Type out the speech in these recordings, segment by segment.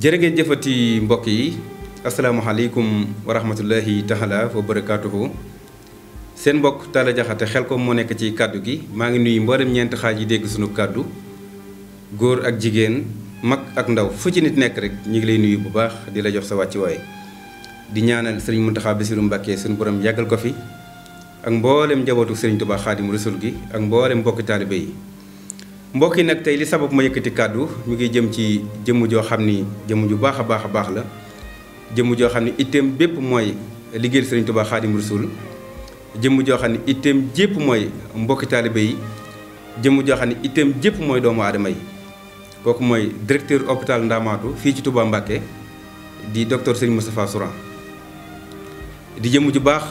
jërë jëfati mbokk yi asalaamaaleykum wa rahmatullahi taala wa barakaatuhu seen mbokk Talla Diakhaté xel ko moo nekk ci kàddu gi maa ngi nuyu mboolem ñeent xaaj yi dégg sunu kàddu góor ak jigéen mag ak ndaw fu ci nit nekk rek ñu ngi lay nuyu bu baax di la jox sa wàccuwaay di ñaanal sëriñ Muntaxa Basiru Mbàkke sunu borom yàggal ko fi ak mboolem njabootu sëriñ Tuubaa Xaadimu Rasuul gi ak mboolem mbokki taalibe yi. mbokk yi nag tey li sabab ma yëkkati kàddu mi ngi jëm ci jëmm joo xam ni jëmm ju baax a baax a baax la jëmm joo xam ni itteem bépp mooy liggéeyal Sëriñ Tuubaa Xaadim Rasuul jëmm joo xam ne itteem jépp mooy mbokki taalibe yi jëmm joo xam ne itteem jépp mooy doomu aadama yi kooku mooy directeur hôpital Ndamaatu fii ci Touba Mbacké di docteur Serigne Moustapha Souran di jëmm ju baax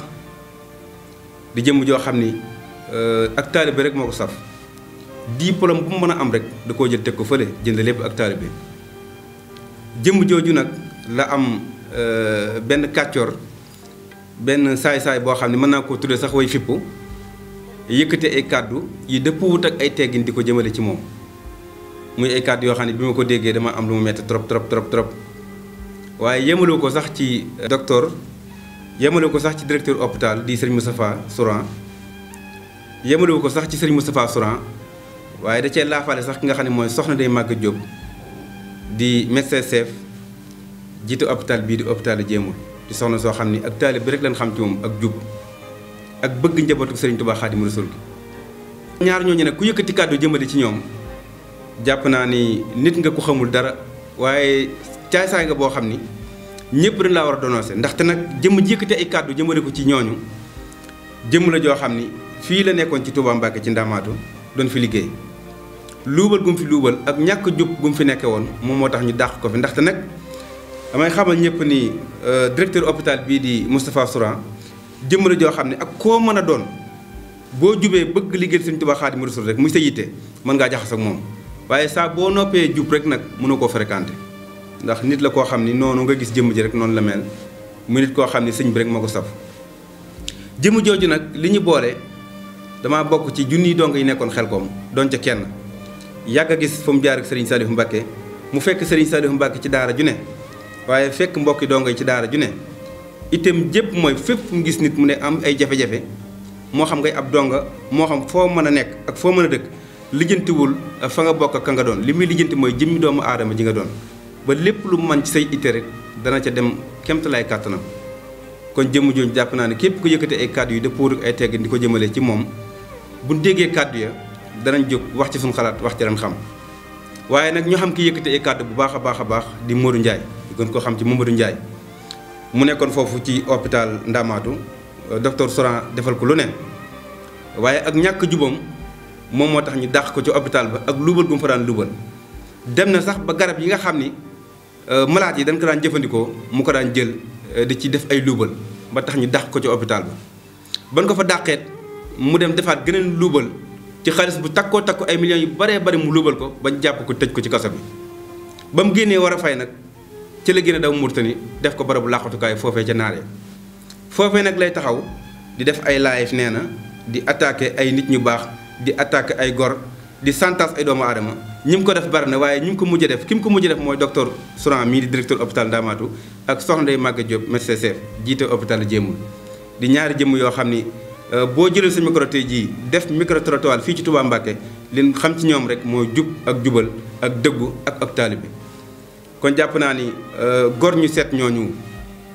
di jëmm joo xam ni euh, ak taalibe rek moo ko saf di diplôme bu mu mën a am rek da koo jël teg ko fële jënd lépp ak bi jëmm jooju nag la am euh, benn kàccoor benn saay-saay boo xam ne mën naa koo tuddee sax way fippu yëkkate ay kàddu yi dëppuwut ak ay teggin di ko jëmale ci moom muy ay kàddu yoo xam ne bi ma ko déggee dama am lu mu metti trop trop trop trop waaye yemalu ko sax ci docteur yemalu ko sax ci directeur hôpital di sëriñ Moustapha Souran yemalu ko sax ci sëriñ Moustapha Souran waaye da cee laafaale sax ki nga xam ne mooy soxna day màgg Jóob di médecin chef jiitu hôpital bii di hôpital jéemul di soxna soo xam ni ak taalib bi rek lañ xam ci moom ak jub ak bëgg njabootu Sëriñ Tuubaa Xaadimu Rasuul gi ñaar ñooñu nag ku yëkkati kàddu jëmale ci ñoom jàpp naa ni nit nga ko xamul dara waaye caay saay boo xam ni ñëpp dañ laa war a donoose ndaxte nag jëmm ji yëkkati ay kàddu jëmale ko ci ñooñu jëmm la joo xam ni fii la nekkoon ci Touba Mbacke ci Ndamaatu doon fi liggéey luubal gu mu fi luubal ak ñàkk jub gu mu fi nekkee woon moom moo tax ñu dàq ko fi ndaxte nag damay xamal ñëpp ni euh, directeur hôpital bii di Moustapha Souran jëmm la joo xam ne ak koo mën a doon boo jubee bëgg liggéeyal Sëriñ Tuubaa Xaadimu Rasuul rek muy sa mën ngaa jaxas ak moom waaye saa boo noppee jub rek nag mënoo koo fréquenté ndax nit la koo xam ni noonu nga gis jëmm ji rek noonu la mel mu nit koo xam ni sëñ bi rek moo ko saf jëmm jooju nag li ñu boole damaa bokk ci junniy dong yi nekkoon xel koom doon ca kenn yàgg a gis fu mu jaar ak Serigne Saliou Mbacké mu fekk Serigne Saliou Mbacké ci daara ju ne waaye fekk mbokki donga yi ci daara ju ne itam jépp mooy fépp mu gis nit mu ne am ay jafe-jafe moo xam ngay ab donga moo xam foo mën a nekk ak foo mën a dëkk lijjantiwul euh, fa nga bokk ak ka nga doon li muy lijjanti mooy jëmmi doomu aadama ji nga doon ba lépp lu man ci say itérit dana ca dem kemtalaay kàttanam kon jëmm jooju jàpp naa ne képp ku yëkkate ay kàddu yu dëppoo ay tegg di ko jëmale ci moom bu déggee kàddu ya danañ jóg wax ci suñ xalaat wax ci leen xam waaye nag ñoo xam ki yëkkati ay kàdd bu baax a baax a baax di Modou Ndiaye ñu gën koo xam ci Mamadou Ndiaye mu nekkoon foofu ci hôpital Ndamaatu euh, docteur Soran defal ko lu ne waaye ak ñàkk jubam moom moo tax ñu dàq ko ci hôpital ba ak luubal gu mu fa daan luubal dem na sax ba garab yi nga xam ni euh, malaat yi dañ ko daan jëfandikoo mu ko daan jël euh, di ci def ay luubal ba tax ñu dàq ko ci hôpital ba ban ko fa dàqeet mu dem defaat gëneen luubal ci xaalis bu takkoo takku ay millions yu baree bari mu luubal ko bañ jàpp ko tëj ko ci kaso bi ba mu génnee war a fay nag ci la génne daw ni def ko bu làqatukaay foofee ca naaree foofee nag lay taxaw di def ay live nee na di attaqué ay nit ñu baax di attaqué ay gor di santas ay doomu aadama ñi mu ko def bari na waaye ñi mu ko mujj def ki mu ko mujj def mooy docteur Souran mii di directeur hôpital Ndamatou ak soxna Ndeye Maguette Diop médecin chef jiite hôpital Jéemul di ñaari jëmm yoo xam ni Euh, boo jëlee sa micro tey jii def micro trottoir fii ci Touba Mbacké li xam ci ñoom rek moo jub ak jubal ak dëggu ak ak bi kon jàpp naa ni euh, gor ñu seet ñooñu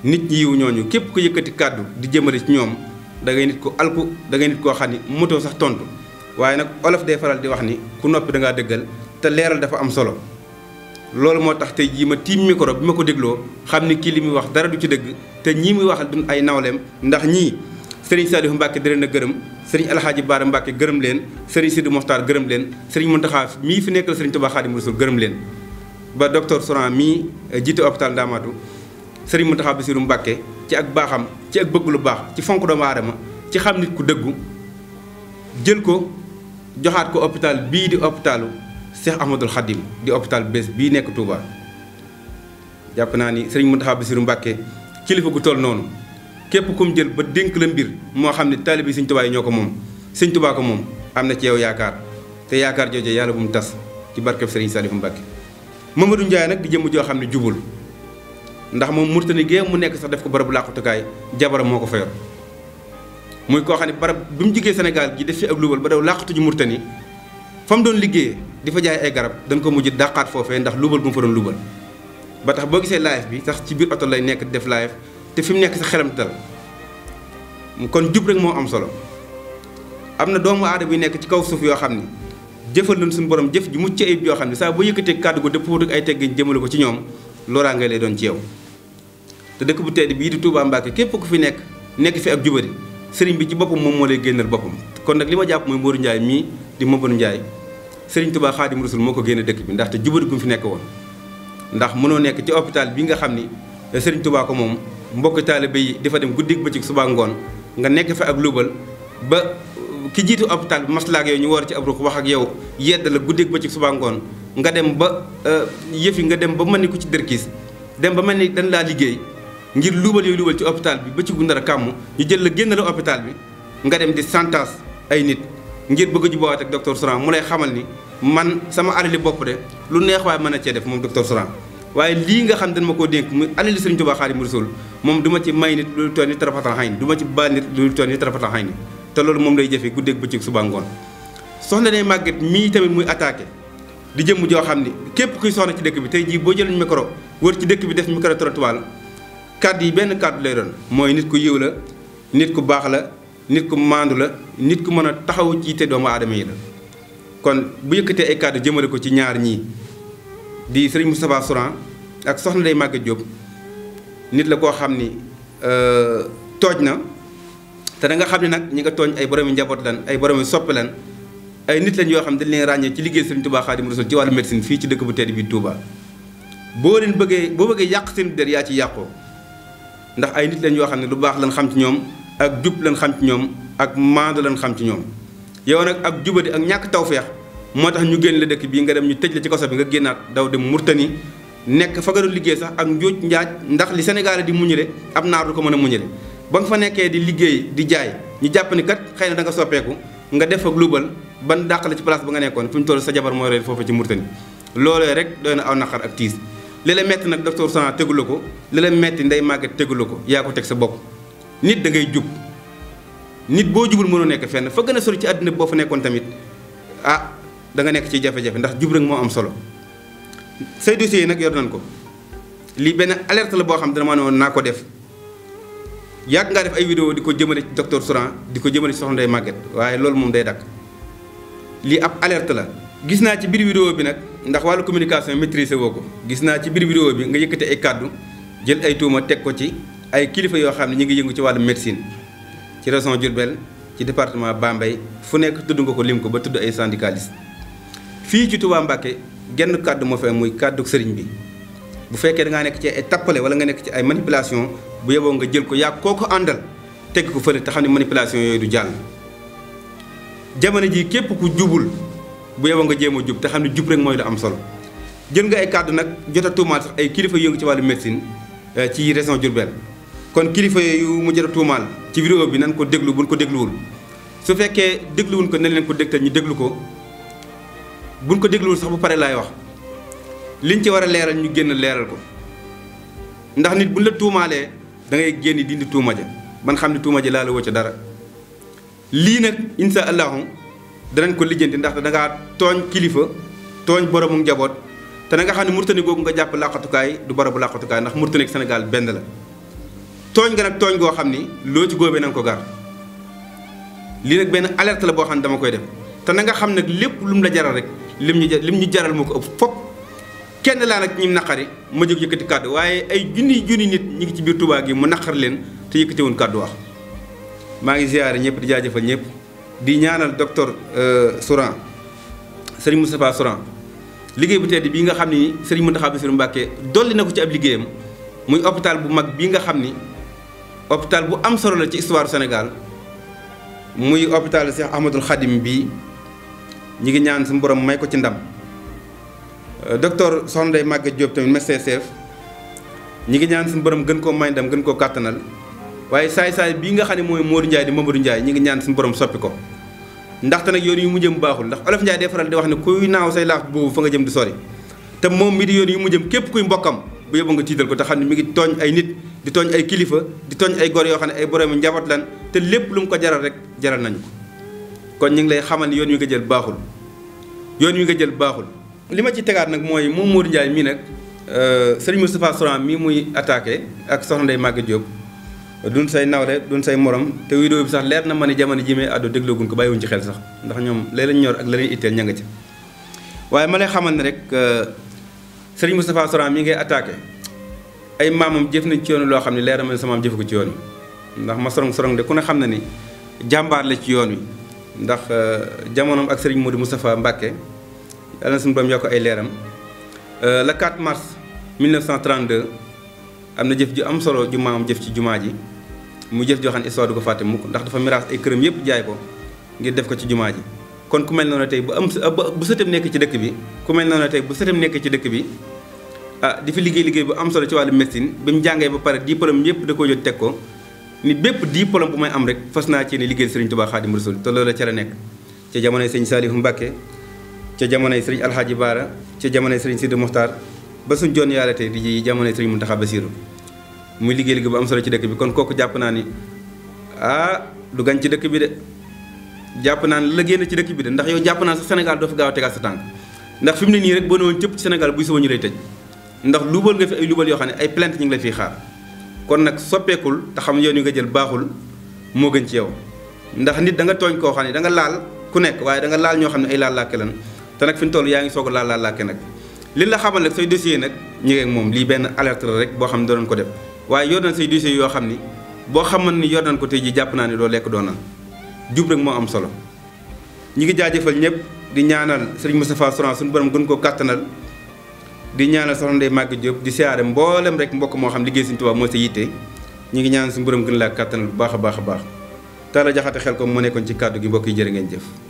nit ñi yiw ñooñu képp ku yëkkati kàddu di jëmale ci ñoom da ngay nit ko alku da ngay nit ko xani motoo sax tontu waaye nag olof day faral di wax ni ku noppi dangaa ngaa dëggal te leeral dafa am solo loolu moo tax tey jii ma tiim micro bi ma ko dégloo xam ni kii li muy wax dara du ci dëgg te ñii muy waxal duñ ay nawleem ndax ñii. sëriñ Saliou Mbacke di a gërëm sëriñ Alxaaji Baara Mbacke gërëm leen sëriñ Sidi Moxtaar gërëm leen sëriñ xaa mii fi nekkal sëriñ Tuubaa Xaadimu Rasuul gërëm leen ba docteur Soran mii eh, jiite hôpital Ndamatou sëriñ Muntaxa Basiru Mbacke ci ak baaxam ci ak bëgg lu baax ci fonk doomu aadama ci xam nit ku dëggu jël ko joxaat ko hôpital bii di hôpitalu Cheikh Ahmadul Xadim di hôpital bés bii nekk Touba jàpp naa ni sëriñ Muntaxa Basiru Mbacke kilifa gu toll noonu képp kum jël ba dénk la mbir moo xam ne taalibi sëñ Tuubaa yi ñoo ko moom sëñ Tuubaa ko moom am na ci yow yaakaar te yaakaar jooju yàlla bu mu tas ci barkeb Serigne Saliou Mbacké Mamadou Ndiaye nag di jëmm joo xam ne jubul ndax moom murtani gee mu nekk sax def ko barabu làqutukaay jabaram moo ko fa muy koo xam ne barab bi mu jigee senegal gi def fi ak luubal ba daw làqutu ji murtani fa mu doon liggéeyee di fa jaay ay garab dañ ko mujj dàqaat foofee ndax luubal bu mu fa doon luubal ba tax boo gisee live bi sax ci biir oto lay nekk def live te fi mu nekk sa xelam kon jub rek moo am solo am na doomu aadama yu nekk ci kaw suuf yoo xam ne jëfal nañ suñu borom jëf ju mucc ayib yoo xam ne saa boo yëkkatee kàddu gu dëppoo ak ay teggin jëmale ko ci ñoom loraa ngay lay doon ci yow te dëkk bu tedd bii di Touba Mbacke képp ku fi nekk nekk fi ak jubari sëriñ bi ci boppam moom moo lay génnal boppam kon nag li ma jàpp mooy Modou njaay mii di Mamadou njaay sëriñ Touba Xaadim Rasul moo ko génne dëkk bi ndaxte jubari gu mu nekk woon ndax mënoo nekk ci hôpital bi nga xam ni sëriñ moom mbokk taalibe yi dafa fa dem guddi bëccëg subaa ngoon nga nekk fa ak luubal ba ki jiitu hôpital bi maslaak yooyu ñu war ci ab ruq wax ak yow yedd la guddi bëccëg subaa ngoon nga dem ba euh, yëf yi nga dem ba mel ni ko ci dërkiis dem ba mel ni dañ laa liggéey ngir luubal yooyu luubal ci hôpital bi ba ci kàmm ñu jël la génn la bi nga dem di santas ay nit ngir bëgg a jubbawaat ak doctor Souran mu lay xamal ni man sama alali bopp de lu neex waaye mën na cee def moom docteur waaye lii nga xam dañ ma koo dénk mu alali Sëriñ Tuubaa Xaadimu Rasuul moom du ma ci may nit lu toll ni tarafatal xay ni ma ci baal nit lu toll ni tarafatal xay ni te loolu moom lay jëfe guddeeg bëccëg suba ngoon soxna Ndeye màgget mii tamit muy attaqué di jëmm joo xam ne képp kuy soxna ci dëkk bi tey jii boo jëluñ micro wër ci dëkk bi def micro trottoir kàddu yi benn kàddu lay doon mooy nit ku yiw la nit ku baax la nit ku maandu la nit ku mën a taxaw ci doomu aadama yi la kon bu yëkkatee ay jëmale ko ci ñaar ñii di sëriñ Moustapha Souran ak soxna day Maguette Diop nit la koo xam ni euh, tooj na te da xam ni nag ñi nga tooñ ay boromi njaboot lan ay boromi soppe lan ay nit lañ yoo xam dañ leen ràññee ci liggéey sëriñ Touba Xaadimu Rasuul ci wàllu médecine fii ci dëkk bu tedd bi Touba boo leen bëggee boo bëggee yàq seen der yaa ci yàqoo ndax ay nit lañ yoo xam ne lu baax lañ xam ci ñoom ak jub lañ xam ci ñoom ak maandu lan xam ci ñoom yow nag ak jubadi ak ñàkk tawfeex moo tax ñu génn la dëkk bii nga dem ñu tëj la ci kaso bi nga génnaat daw dem murtani nekk fa nga doon liggéey sax ak njóoj njaaj ndax li Sénégal di muñule ab naar du ko mën a muñule ba nga fa nekkee di liggéey di jaay ñu jàpp ni kat xëy na da nga soppeeku nga def ak luubal ban dàq la ci place ba nga nekkoon fu ñu toll sa jabar mooy réer foofu ci murtani loolee rek doy na aw naqar ak tiis li la metti nag docteur Sang tegula ko li la metti Ndeye Maguette tegula ko yaa ko teg sa bopp nit da ngay jub nit boo jubul mënoo nekk fenn fa gën a ci àddina boo fa nekkoon tamit ah danga nekk ci jafe-jafe ndax jub rek moo am solo say dossiers yi nag yor nañ ko lii benn alerte la boo xam ma ne woon naa ko def yàgg nga def ay vidéo di ko jëmale ci docteur Souran di ko jëmale ci soxna Ndeye Maguette waaye loolu moom day dakk lii ab alerte la gis naa ci biir vidéo bi nag ndax wàllu communication maîtrisé woo ko gis naa ci biir vidéo bi nga yëkkate ay kàddu jël ay tuuma teg ko ci ay kilifa yoo xam ne ñu ngi yëngu ci wàllu médecine ci région Diourbel ci département Bambey fu nekk tudd nga ko lim ko ba tudd ay syndicaliste fii ci Touba Mbacké genn kàddu moo fee muy kàddu sëriñ bi bu fekkee da ngaa nekk ci ay tappale wala nga nekk ci ay manipulation bu yeboo nga jël ko yaa koo ko àndal teg ko fële te xam ne manipulation yooyu du jàll. jamono ji képp ku jubul bu yeboo nga jéem a jub te xam ne jub rek mooy lu am solo jël nga ay kàddu nag jot a tuumaal sax ay kilifa yëngu ci wàllu médecine eh, ci région Diourbel kon kilifa yooyu mu jot tuumaal ci vidéo bi nan ko déglu buñ ko dégluwul su fekkee dégluwul ko ne leen ko dégtal ñu déglu ko. buñ ko dégluwul sax bu pare laay wax liñ ci war a leeral ñu génn leeral ko ndax nit buñ la tuumaalee dangay ngay génn dindi tuuma ja ban xam ne tuuma ja laa la wëcc dara lii nag insha allahu danañ ko lijjanti ndax dangaa tooñ kilifa tooñ boromu njaboot te na nga xam ne Mauritanie googu nga jàpp làqatukaay du barabu làqatukaay ndax Mauritanie ak Sénégal benn la tooñ nga nag tooñ goo xam ni loo ci góobee na ko gar lii nag benn alerte la boo xam ne dama koy def te na nga xam nag lépp lu la jaral rek lim ñu lim ñu jaral moo ko ëpp fop kenn laa nag ñi naqari ma jóg yëkkati kàddu waaye ay junni junni nit ñu ngi ci biir Touba gi mu naqar leen te yëkkatiwuñ kàddu wax maa ngi ziare ñëpp di jaajëfal ñëpp di ñaanal docteur euh, Souran Serigne Moustapha Souran liggéey bu tedd bii nga xam ni mun Serigne Mountakha Bassirou Mbacké dolli na ko ci ab liggéeyam muy hôpital bu mag bii nga xam ni hôpital bu am solo la ci histoire senegal muy hôpital Cheikh Ahmadoul Khadim bii ñi ngi ñaan suñu borom may ko ci ndam euh, docteur Soxna Ndeye Maguette Diop tamit médecin chef ñi ngi ñaan suñu borom gën koo may ndam gën koo kàttanal waaye saay-saay bii nga xam ne mooy Modou Ndiaye di Mamadou njaay ñi ngi ñaan suñu borom soppi ko ndaxte nag yoon yu mu jëm baaxul ndax olof Ndiaye day faral di wax ne kuy naaw say laax boobu fa nga jëm di sori te moom mi di yoon yu mu jëm képp kuy mbokkam bu yóbbu nga tiital ko te xam ne mi ngi tooñ ay nit di ay kilifa di tooñ ay gor yoo xam ne ay boroomi njaboot lan te lépp lu mu ko jaral rek jaral nañu kon ñu ngi lay xamal yoon wi nga jël baaxul yoon wi nga jël baaxul. li ma ci tegaat nag mooy moom Modou Ndiaye mii nag euh, sëriñ Moustapha Sourang mii muy attaqué ak soxna Ndeye Maguette Diop duñ say nawle duñ say morom te vidéo bi sax leer na ma ne jamono ji may àddu déglooguñ ko bàyyiwuñ ci xel sax ndax ñoom lee lañ ñor ak la leen itteel nga ci waaye ma lay xamal rek euh, sëriñ Moustapha Sourang mii ngay attaqué ay maamam jëf nañ ci yoon loo xam ne leer na ma ne sama maam jëfu ko ci yoon wi ndax ma sorong sorong de ku ne xam na ni jàmbaar la ci yoon wi. ndax euh, jamonoom ak sëriñ mu Moustapha Mbacke yàlla na suñu borom yokk ay leeram euh, le 4 mars 1932 am na jëf ju am solo ju maamam jëf ci jumaa ji mu jëf joo xam ne histoire du ko fàtte mukk ndax dafa miraas ay këram yëpp jaay ko ngir def ko ci jumaa ji kon ku mel noonu tey bu am bu sëtam nekk ci dëkk bi ku mel noonu tey bu sëtam nekk ci dëkk bi ah di fi liggéey liggéey bu am solo ci wàllu médecine bi mu jàngee ba pare diplôme yëpp da ko jot teg ko ni bépp diplôme bu may am rek fas naa ci ne liggéey sëriñ Tuubaa Xaadimu Rasuul te loola ca la nekk ca jamonoy sëriñ Saalihu Mbàkke ca jamonoy sëriñ Alxaaji Baara ca jamonoy sëriñ Sidi Muxtaar ba suñ joon yàlla tey di jamonoy sëriñ Muntaxa Basiiru muy liggéey liggéey bu am solo ci dëkk bi kon kooku jàpp naa ni ah du gan ci dëkk bi de jàpp naa ni la génn ci dëkk bi de ndax yow jàpp naa sax Sénégal doo fi gaaw a tegaat sa tànk ndax fi ne nii rek boo ne woon buy suba ñu lay ndax luubal nga fi yoo xam ne ay plainte ñu ngi la fiy xaar kon nag soppeekul te xam yoon yu nga jël baaxul moo gën ci yow ndax nit da nga tooñ koo xam ne da nga laal ku nekk waaye da laal ñoo xam ne ay laal laake lan te nag fi mu toll yaa ngi soog a laal laal laake nag li la xamal nag say dossier nag ñu ngeeg moom lii benn alerte rek boo xam ne doonoon ko def waaye yor nañ say dossier yoo xam ni boo xaman ni yor nañ ko tey ji jàpp naa ne doo lekk doonal jub rek moo am solo ñi ngi jaajëfal ñëpp di ñaanal sëriñ Moustapha Souran suñu borom gën koo kàttanal di ñaanal soxna Ndeye Maguette di siyaare mboolem rek mbokk moo xam liggéey Sëriñ Tuubaa moo sa yitte ñu ngi ñaan suñu borom gën laa kàttanal bu baax a baax a baax taala jaxate xel ko mu nekkoon ci kàddu gi mbokk yi jërë ngeen jëf